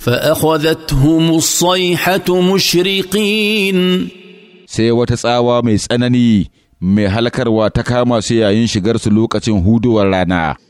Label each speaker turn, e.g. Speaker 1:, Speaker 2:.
Speaker 1: fa فأخذتهم الصيحة مشرقين sai wata tsawa mai tsanani mai halakarwa ta kama su yayin shigar su lokacin huduwar
Speaker 2: rana